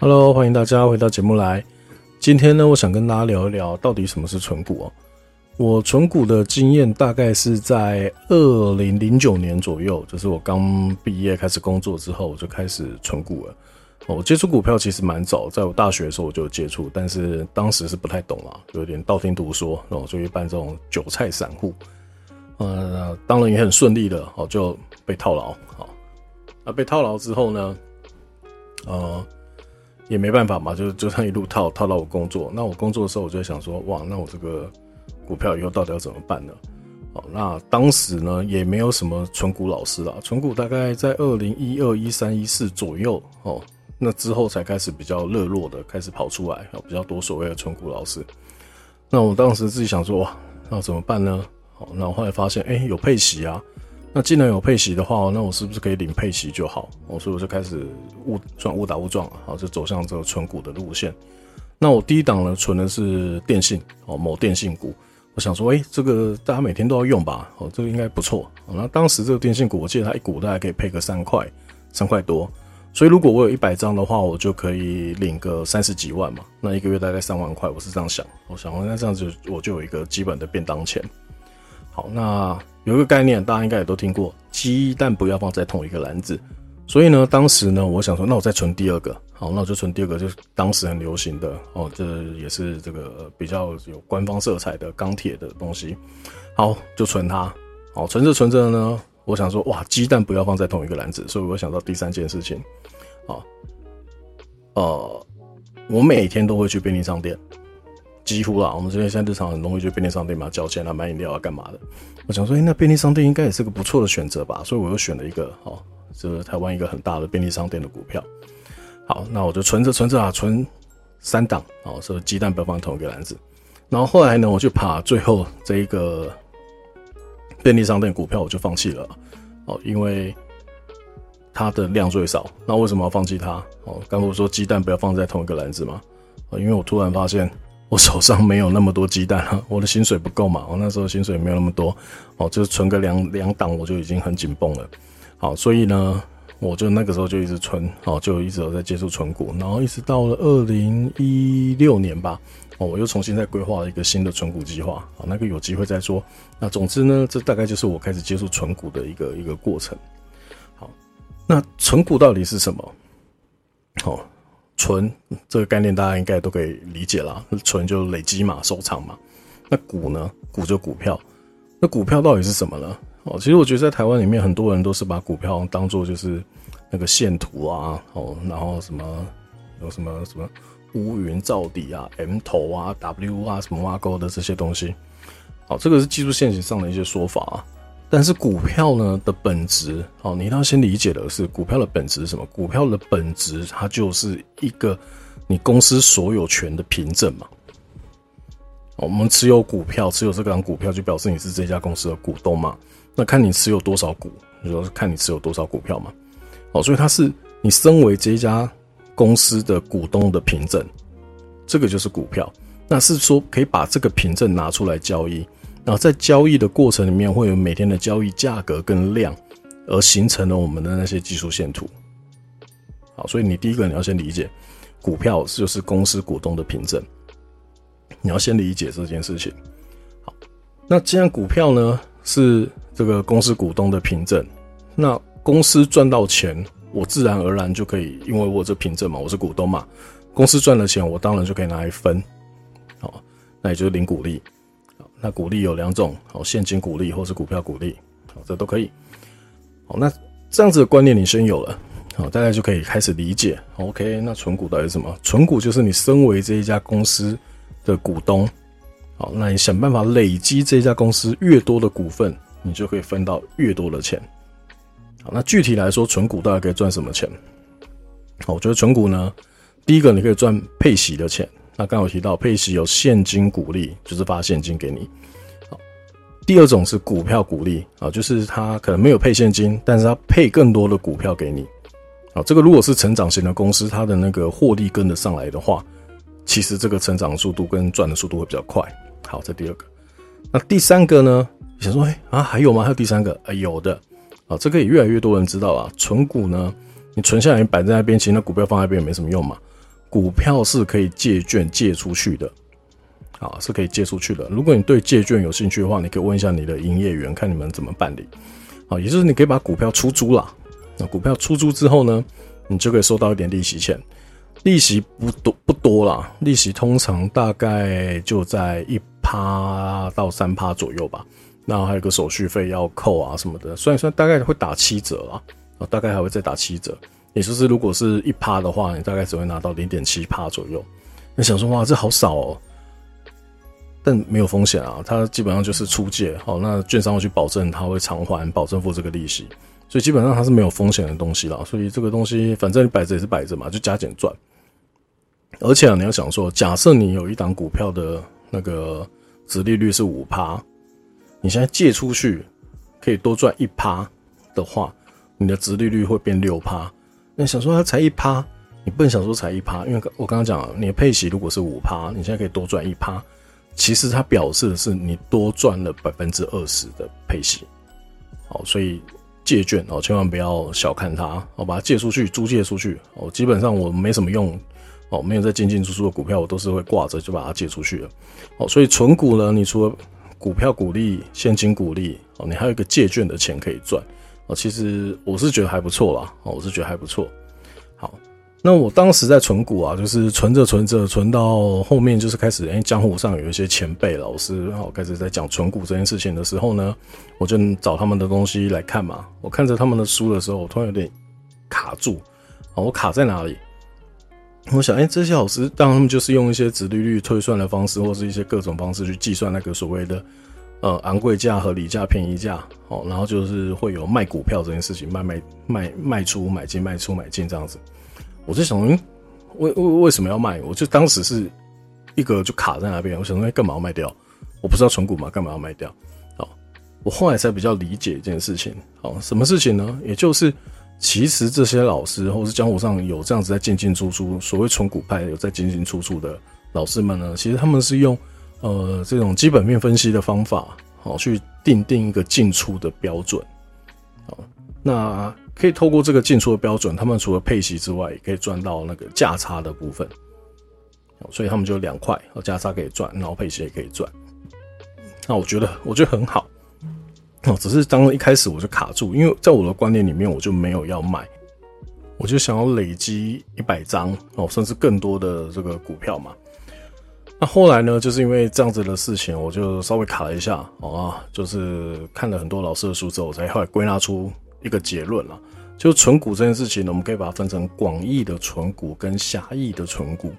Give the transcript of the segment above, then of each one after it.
Hello，歡迎大家回到節目來。今天呢，我想跟大家聊一聊到底什麼是存股哦、啊、我存股的經驗大概是在二零零九年左右，就是我剛畢業開始工作之後，我就開始存股了。哦、我接觸股票其實蠻早，在我大學的時候我就接觸，但是當時是不太懂啊，有點道聽途說，然、哦、後就去扮這種韭菜散戶。呃，當然也很順利的，好、哦、就被套牢。那、哦啊、被套牢之後呢，呃。也沒辦法嘛，就就它一路套套到我工作。那我工作的時候，我就在想說，哇，那我這個股票以後到底要怎麼辦呢？好，那當時呢也沒有什麼存股老師啊，存股大概在二零一二、一三、一四左右哦，那之後才開始比較熱絡的開始跑出來，比較多所謂的存股老師。那我當時自己想說，哇，那我怎麼辦呢？哦，那我後來發現，哎、欸，有配息啊。那既然有配息的話，那我是不是可以領配息就好？我所以我就開始誤撞誤打誤撞，好就走向這個存股的路線。那我第一檔呢，存的是電信哦，某電信股。我想說，欸，這個大家每天都要用吧？哦，這個應該不錯。那當時這個電信股，我記得它一股大概可以配個三塊，三塊多。所以如果我有一百張的話，我就可以領個三十幾萬嘛。那一個月大概三萬塊，我是這樣想。我想，那這樣子我就有一個基本的便當錢。好，那。有一個概念，大家應該也都聽過，雞蛋不要放在同一個籃子。所以呢，當時呢，我想說，那我再存第二個，好，那我就存第二個，就是當時很流行的哦，這也是這個比較有官方色彩的鋼鐵的東西。好，就存它。好，存着存着呢，我想說，哇，雞蛋不要放在同一個籃子，所以我想到第三件事情，啊，呃，我每天都會去便利商店。幾乎啦、啊，我們這邊現在日常很容易去便利商店嘛，交錢啊，買飲料啊，幹嘛的。我想說，欸、那便利商店應該也是個不錯的選擇吧。所以我又選了一個，哦，就是台灣一個很大的便利商店的股票。好，那我就存着存着啊，存三檔哦，所以雞蛋不要放在同一個籃子。然後後來呢，我就把最後這一個便利商店股票我就放棄了哦，因為它的量最少。那為什麼要放棄它？哦，剛不是說雞蛋不要放在同一個籃子嘛、哦，因為我突然發現。我手上沒有那麼多雞蛋了，我的薪水不夠嘛，我那時候薪水沒有那麼多，哦，就存個兩兩檔，我就已經很緊繃了。好，所以呢，我就那個時候就一直存，哦，就一直都在接觸存股，然後一直到了二零一六年吧，哦，我又重新再規劃了一個新的存股計劃，好，那個有機會再說。那總之呢，這大概就是我開始接觸存股的一個一個過程。好，那存股到底是什麼？好。存這個概念大家應該都可以理解啦，存就累積嘛，收藏嘛。那股呢？股就股票。那股票到底是什麼呢？哦，其實我覺得在台灣裡面很多人都是把股票當做就是那個線圖啊，哦，然後什麼有什麼什麼烏雲罩底啊、M 頭啊、W 啊、什麼挖溝的這些東西。哦，這個是技術線型上的一些說法啊。但是股票呢的本質，好，你要先理解的是股票的本質是什麼？股票的本質，它就是一個你公司所有權的憑證嘛。我們持有股票，持有這張股票就表示你是這家公司的股東嘛。那看你持有多少股，你說看你持有多少股票嘛。哦，所以它是你身為這一家公司的股東的憑證，這個就是股票。那是說可以把這個憑證拿出來交易。然後在交易的過程裡面，會有每天的交易價格跟量，而形成了我們的那些技術線圖。好，所以你第一個你要先理解，股票就是公司股東的憑證，你要先理解這件事情。好，那既然股票呢是這個公司股東的憑證，那公司賺到錢，我自然而然就可以，因為我這憑證嘛，我是股東嘛，公司賺了錢，我當然就可以拿來分。好，那也就是領股利。那股利有兩種，好，現金股利或是股票股利，好，這都可以。好，那這樣子的觀念你先有了，好，大家就可以開始理解。OK，那存股到底是什麼？存股就是你身為這一家公司的股東，好，那你想辦法累積這一家公司越多的股份，你就可以分到越多的錢。好，那具體來說，存股到底可以賺什麼錢？好，我覺得存股呢，第一個你可以賺配息的錢。那剛剛有提到，配息有現金股利，就是發現金給你。好，第二種是股票股利，啊，就是他可能沒有配現金，但是他配更多的股票給你。啊，這個如果是成長型的公司，它的那個獲利跟得上來的話，其實這個成長速度跟賺的速度會比較快。好，這第二個。那第三個呢？想說，哎、欸、啊，還有嗎？還有第三個？啊，有的。啊，這個也越來越多人知道啊。存股呢，你存下來，你擺在那邊，其實那股票放在那邊也沒什麼用嘛。股票是可以借券借出去的，啊，是可以借出去的。如果你對借券有興趣的話，你可以問一下你的營業員，看你們怎麼辦理。好，也就是你可以把股票出租了。那股票出租之後呢，你就可以收到一點利息錢，利息不多不多啦，利息通常大概就在一趴到三趴左右吧。那還有個手續費要扣啊什麼的，算一算大概會打七折啦。啊，大概還會再打七折。也就是，如果是一趴的話，你大概只會拿到零點七趴左右。你想說，哇，這好少哦，喔！但沒有風險啊，它基本上就是出借，好，那券商會去保證，它會償還，保證付這個利息，所以基本上它是沒有風險的東西啦。所以這個東西，反正你擺着也是擺着嘛，就加減賺。而且啊，你要想說，假設你有一檔股票的那個殖利率是五趴，你現在借出去可以多賺一趴的話，你的殖利率會變六趴。那想說它才一趴，你不能想說才一趴，因為我剛剛講，你的配息如果是五趴，你現在可以多賺一趴。其實它表示的是你多賺了百分之二十的配息。好，所以借券哦，千萬不要小看它。好，把它借出去，租借出去。基本上我沒什麼用哦，沒有在進進出出的股票，我都是會掛着就把它借出去了。好，所以存股呢，你除了股票股利、現金股利，哦，你還有一個借券的錢可以賺。哦，其實我是覺得還不錯啦。我是覺得還不錯。好，那我當時在存股啊，就是存着存着，存到後面就是開始，誒、欸、江湖上有一些前輩老師，好，開始在講存股這件事情的時候呢，我就找他們的東西來看嘛。我看着他們的書的時候，我突然有點卡住。好，我卡在哪裡？我想，誒、欸、這些老師，當然他們就是用一些殖利率推算的方式，或是一些各種方式去計算那個所謂的。呃、嗯，昂貴價、合理價、便宜價，哦、喔，然後就是會有賣股票這件事情，賣賣賣賣出買進賣出買進這樣子。我在想問、嗯，為為為什麼要賣？我就當時是一個就卡在那邊，我想說，幹、欸、嘛，要賣掉？我不知道存股嘛，幹嘛要賣掉？好、喔，我後來才比較理解一件事情，好、喔，什麼事情呢？也就是，其實這些老師或是江湖上有這樣子在進進出出，所謂存股派有在進進出出的老師們呢，其實他們是用。呃，這種基本面分析的方法，好，喔，去訂定一個進出的標準，好，喔，那可以透過這個進出的標準，他們除了配息之外，也可以賺到那個價差的部分，哦，喔，所以他們就兩塊，哦，喔，價差可以賺，然後配息也可以賺，那，喔，我覺得我覺得很好，哦，喔，只是當一開始我就卡住，因為在我的觀念裡面，我就沒有要賣，我就想要累積一百張哦，喔，甚至更多的這個股票嘛。那後來呢，就是因為這樣子的事情，我就稍微卡了一下、哦、啊，就是看了很多老師的書之後，我才後來歸納出一個結論了。就存股這件事情呢，我們可以把它分成廣義的存股跟狹義的存股。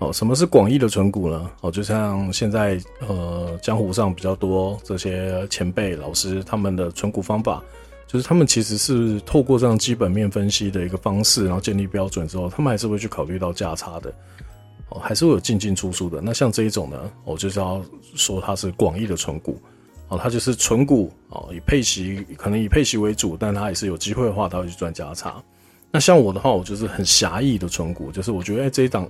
哦，什麼是廣義的存股呢？哦，就像現在呃，江湖上比較多這些前輩老師他們的存股方法，就是他們其實是透過這樣基本面分析的一個方式，然後建立標準之後，他們還是會去考慮到價差的。哦，還是會有進進出出的。那像這一種呢，我就是要說它是廣義的存股，哦，它就是存股，哦，以配息，可能以配息為主，但它也是有機會的話，它會去賺價差。那像我的話，我就是很狹義的存股，就是我覺得，哎、欸，這一檔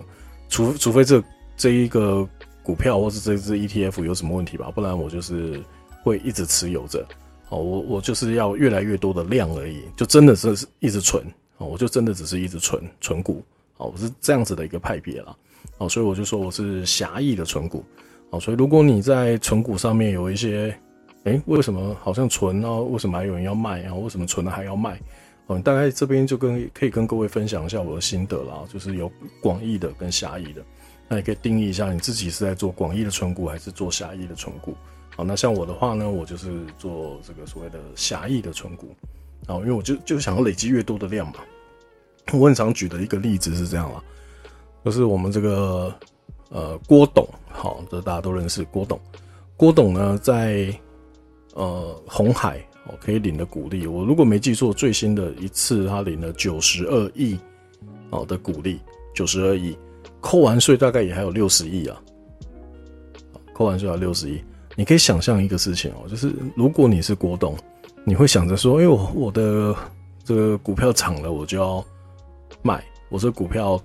除除非這這一,一個股票或是這只 ETF 有什麼問題吧，不然我就是會一直持有着。哦，我我就是要越來越多的量而已，就真的是一直存，哦，我就真的只是一直存存股，哦，我是這樣子的一個派別啦。好，所以我就說我是狹義的存股。好，所以如果你在存股上面有一些，誒、欸，為什麼好像存啊？為什麼還有人要賣啊？為什麼存了還要賣？好，嗯，大概這邊就跟可以跟各位分享一下我的心得啦，就是有廣義的跟狹義的，那你可以定義一下你自己是在做廣義的存股還是做狹義的存股。好，那像我的話呢，我就是做這個所謂的狹義的存股。好，因為我就就想要累積越多的量嘛，我很常舉的一個例子是這樣啦。就是我們這個呃郭董，好、哦，這大家都認識郭董。郭董呢，在呃鴻海哦可以領的股利，我如果沒記錯，最新的一次他領了九十二億哦的股利，九十二億扣完稅大概也還有六十億啊。扣完稅還有六十億，你可以想象一個事情哦，就是如果你是郭董，你會想着說，哎呦，我我的這個股票漲了，我就要賣我這股票。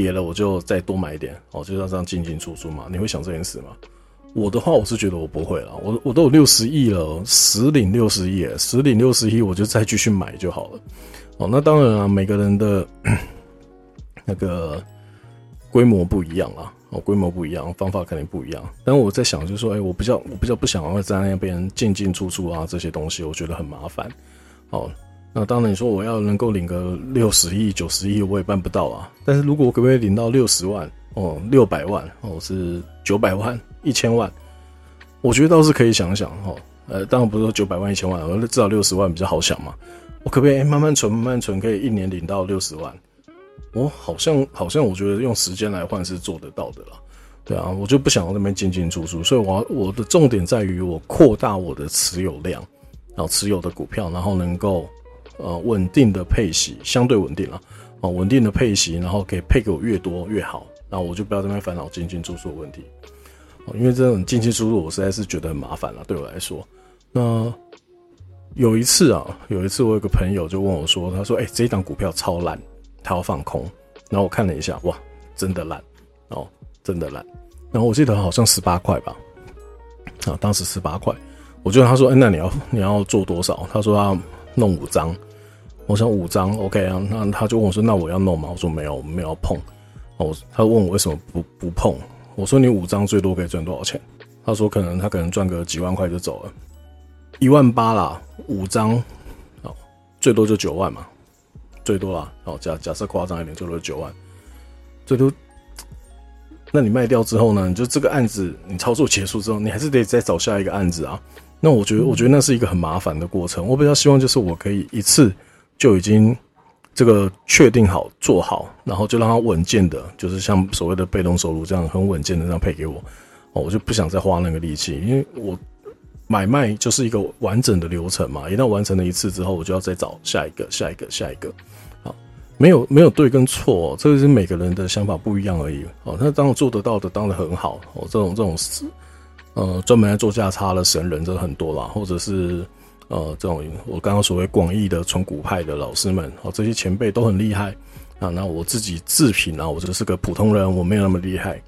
跌了我就再多買一點，哦，就像這樣進進出出嘛。你會想這件事嗎？我的話，我是覺得我不會啦。我我都有六十億了，十領六十億，十領六十億，我就再繼續買就好了。哦，那當然啊，每個人的那個規模不一樣啊，哦，規模不一樣，方法肯定不一樣。但我在想，就是說，哎、欸，我比較，我比較不想要在那邊進進出出啊，這些東西我覺得很麻煩，哦。那、啊、當然，你說我要能夠領個六十億、九十億，我也辦不到啊。但是如果我可不可以領到六十萬哦，六百萬哦，是九百萬、一千萬，我覺得倒是可以想想哈、哦。呃，當然不是說九百萬、一千萬，而至少六十萬比較好想嘛。我可不可以慢慢存、慢慢存，可以一年領到六十萬？我好像好像，好像我覺得用時間來換是做得到的啦。對啊，我就不想要那邊進進出出，所以我要我的重點在於我擴大我的持有量，然後持有的股票，然後能夠。呃，穩定的配息相對穩定了，啊、哦，穩定的配息，然後可以配給我越多越好，那我就不要在那邊煩惱進進出出的問題，哦，因為這種進進出出我實在是覺得很麻煩了，對我來說。那有一次啊，有一次我有個朋友就問我說，他說，哎、欸，這一檔股票超爛，他要放空，然後我看了一下，哇，真的爛，哦，真的爛，然後我記得好像十八塊吧，啊，當時十八塊，我就跟他說，哎、欸，那你要你要做多少？他說他要弄五張。我想五張，OK 啊？那他就問我說：“那我要弄嗎？”我說：“沒有，我沒有碰。”哦，他問我為什麼不不碰？我說：“你五張最多可以賺多少錢？”他說：“可能他可能賺個幾萬塊就走了，一萬八啦，五張，哦，最多就九萬嘛，最多啦。哦，假假設誇張一點，最多九萬，最多。那你賣掉之後呢？你就這個案子你操作結束之後，你還是得再找下一個案子啊。那我覺得，我覺得那是一個很麻煩的過程。我比較希望就是我可以一次。就已經這個確定好做好，然後就讓它穩健的，就是像所謂的被動收入這樣很穩健的這樣配給我哦，我就不想再花那個力氣，因為我買賣就是一個完整的流程嘛，一旦完成了一次之後，我就要再找下一個、下一個、下一個。好，沒有沒有對跟錯哦，這個是每個人的想法不一樣而已哦。那當我做得到的，當然很好哦。這種這種呃，專門在做價差的神人真的很多啦，或者是。呃，這種我剛剛所謂廣義的存股派的老師們哦，這些前輩都很厲害啊。那我自己自評啊，我就是個普通人，我沒有那麼厲害，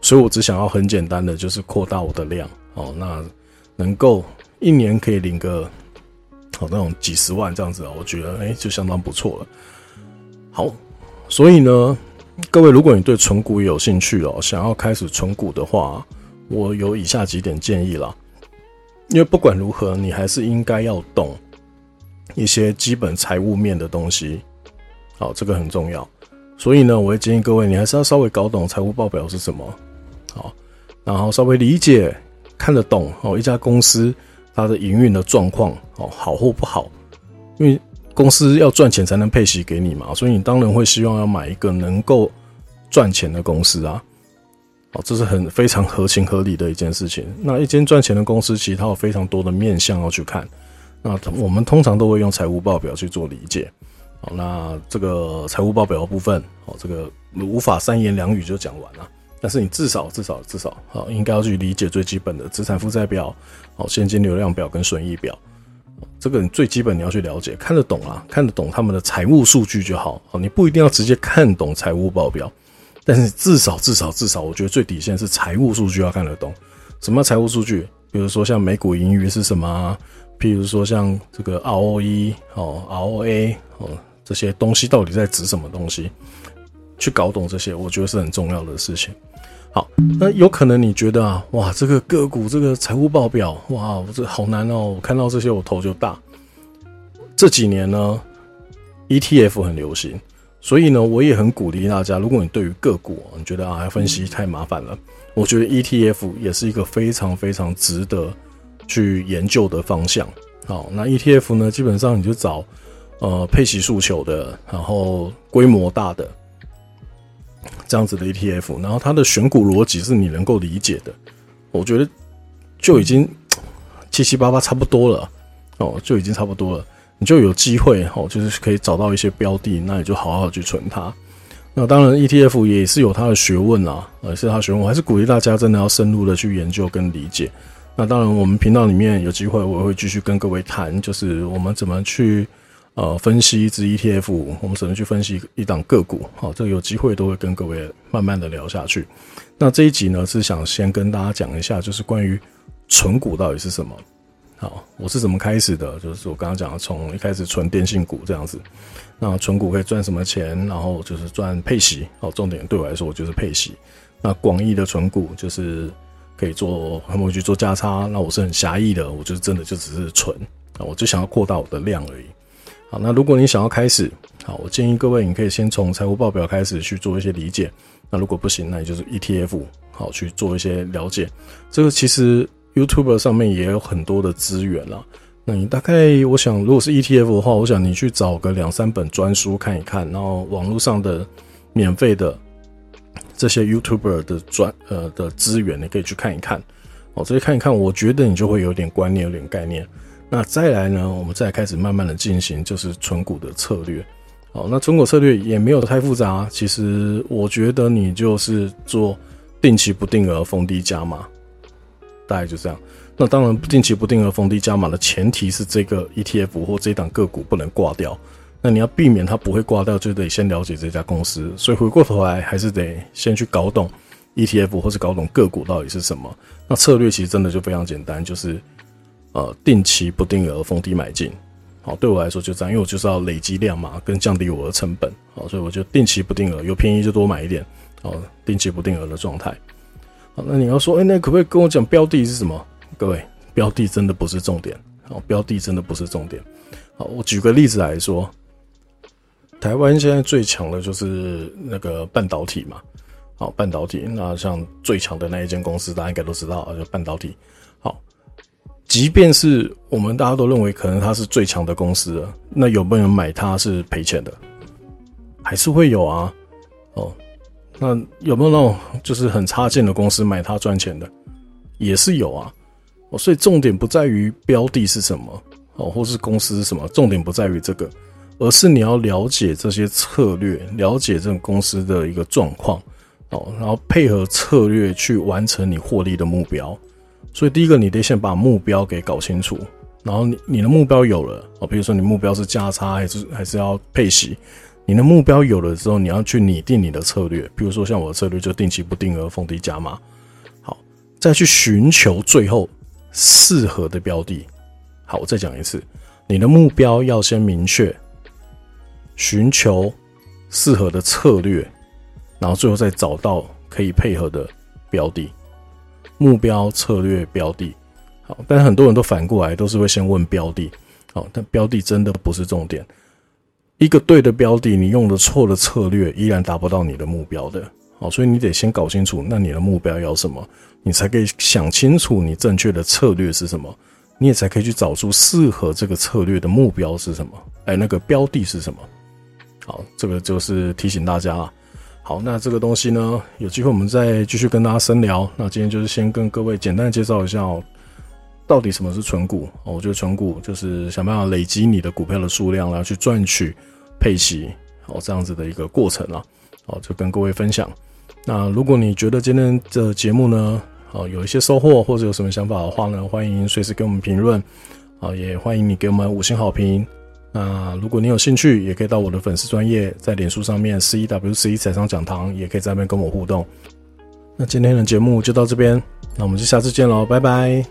所以我只想要很簡單的，就是擴大我的量哦。那能夠一年可以領個好、哦、那種幾十萬這樣子，啊，我覺得哎、欸，就相當不錯了。好，所以呢，各位如果你對存股有興趣哦，想要開始存股的話，我有以下幾點建議啦。因為不管如何，你還是應該要懂一些基本財務面的東西，好，這個很重要。所以呢，我會建議各位，你還是要稍微搞懂財務報表是什麼，好，然後稍微理解看得懂哦，一家公司它的營運的狀況哦，好或不好，因為公司要賺錢才能配息給你嘛，所以你當然會希望要買一個能夠賺錢的公司啊。哦，這是很非常合情合理的一件事情。那一間賺錢的公司，其實它有非常多的面向要去看。那我們通常都會用財務報表去做理解。那這個財務報表的部分，好，這個無法三言兩語就講完了。但是你至少至少至少，好，應該要去理解最基本的資產負債表，好，現金流量表跟損益表。這個你最基本你要去了解，看得懂啊，看得懂他們的財務數據就好。好，你不一定要直接看懂財務報表。但是至少至少至少，至少我覺得最底線是財務數據要看得懂。什麼財務數據？比如說像每股盈餘是什麼啊？譬如說像這個 ROE 哦、ROA 哦，這些東西到底在指什麼東西？去搞懂這些，我覺得是很重要的事情。好，那有可能你覺得啊，哇，這個個股這個財務報表，哇，我這好難哦，我看到這些我頭就大。這幾年呢，ETF 很流行。所以呢，我也很鼓勵大家，如果你對於個股，你覺得啊，分析太麻煩了，我覺得 ETF 也是一個非常非常值得去研究的方向。好，那 ETF 呢，基本上你就找呃配息訴求的，然後規模大的這樣子的 ETF，然後它的選股邏輯是你能夠理解的，我覺得就已經七七八八差不多了哦，就已經差不多了。你就有機會哦，就是可以找到一些標的，那你就好好去存它。那當然，ETF 也是有它的學問啦，啊，也是它的學問，我還是鼓勵大家真的要深入的去研究跟理解。那當然，我們頻道裡面有機會，我也會繼續跟各位談，就是我們怎麼去呃分析一支 ETF，我們怎麼去分析一檔個股。好，這個，有機會都會跟各位慢慢的聊下去。那這一集呢，是想先跟大家講一下，就是關於存股到底是什麼。好，我是怎麼開始的？就是我剛剛講的，從一開始存電信股這樣子。那存股可以賺什麼錢？然後就是賺配息。好，重點對我來說，我就是配息。那廣義的存股就是可以做，他們去做價差。那我是很狹義的，我就是真的就只是存。我就想要擴大我的量而已。好，那如果你想要開始，好，我建議各位，你可以先從財務報表開始去做一些理解。那如果不行，那你就是 ETF，好，去做一些了解。這個其實。YouTuber 上面也有很多的資源啦，那你大概我想，如果是 ETF 的話，我想你去找個兩三本專書看一看，然後網絡上的免費的這些 YouTuber 的專呃的資源，你可以去看一看，哦，這些看一看，我覺得你就會有點觀念，有點概念。那再來呢，我們再開始慢慢的進行，就是存股的策略。哦，那存股策略也沒有太複雜，啊，其實我覺得你就是做定期不定額逢低加碼。大概就這樣，那當然定期不定額逢低加碼的前提是這個 ETF 或這檔個股不能掛掉。那你要避免它不會掛掉，就得先了解這家公司。所以回過頭來還是得先去搞懂 ETF 或是搞懂個股到底是什麼。那策略其實真的就非常簡單，就是呃定期不定額逢低買進。好，對我來說就這樣，因為我就是要累積量嘛，跟降低我的成本。好，所以我就定期不定額，有便宜就多買一點。好，定期不定額的狀態。好，那你要說，誒、欸、那可不可以跟我講標的是什麼？各位，標的真的不是重點。好，標的真的不是重點。好，我舉個例子來說，台灣現在最強的就是那個半導體嘛。好，半導體，那像最強的那一間公司，大家應該都知道，就半導體。好，即便是我們大家都認為可能它是最強的公司了，那有沒有買它是賠錢的？還是會有啊？哦。那有沒有那種就是很差勁的公司買它賺錢的，也是有啊。所以重點不在於標的是什麼哦，或是公司是什麼，重點不在於這個，而是你要了解這些策略，了解這種公司的一個狀況哦，然後配合策略去完成你獲利的目標。所以第一個，你得先把目標給搞清楚，然後你你的目標有了哦，比如說你目標是價差，還是還是要配息。你的目標有了之後，你要去擬定你的策略，比如說像我的策略就定期不定額逢低加碼。好，再去尋求最後適合的標的。好，我再講一次，你的目標要先明確，尋求適合的策略，然後最後再找到可以配合的標的。目標、策略、標的。好，但是很多人都反過來都是會先問標的。好，但標的真的不是重點。一個對的標的，你用的錯的策略，依然達不到你的目標的。好，所以你得先搞清楚，那你的目標要什麼，你才可以想清楚你正確的策略是什麼，你也才可以去找出適合這個策略的目標是什麼，哎、欸，那個標的是什麼。好，這個就是提醒大家了。好，那這個東西呢，有機會我們再繼續跟大家深聊。那今天就是先跟各位簡單介紹一下哦。到底什麼是存股？哦，我覺得存股，就是想辦法累積你的股票的數量，然後去賺取配息，哦，這樣子的一個過程啊。哦，就跟各位分享。那如果你覺得今天的節目呢，哦，有一些收穫或者有什麼想法的話呢，歡迎隨時給我們評論。哦，也歡迎你給我們五星好評。那如果你有興趣，也可以到我的粉絲專頁，在臉書上面 CWC 財商講堂，也可以在那邊跟我互動。那今天的節目就到這邊，那我們就下次見嘍，拜拜。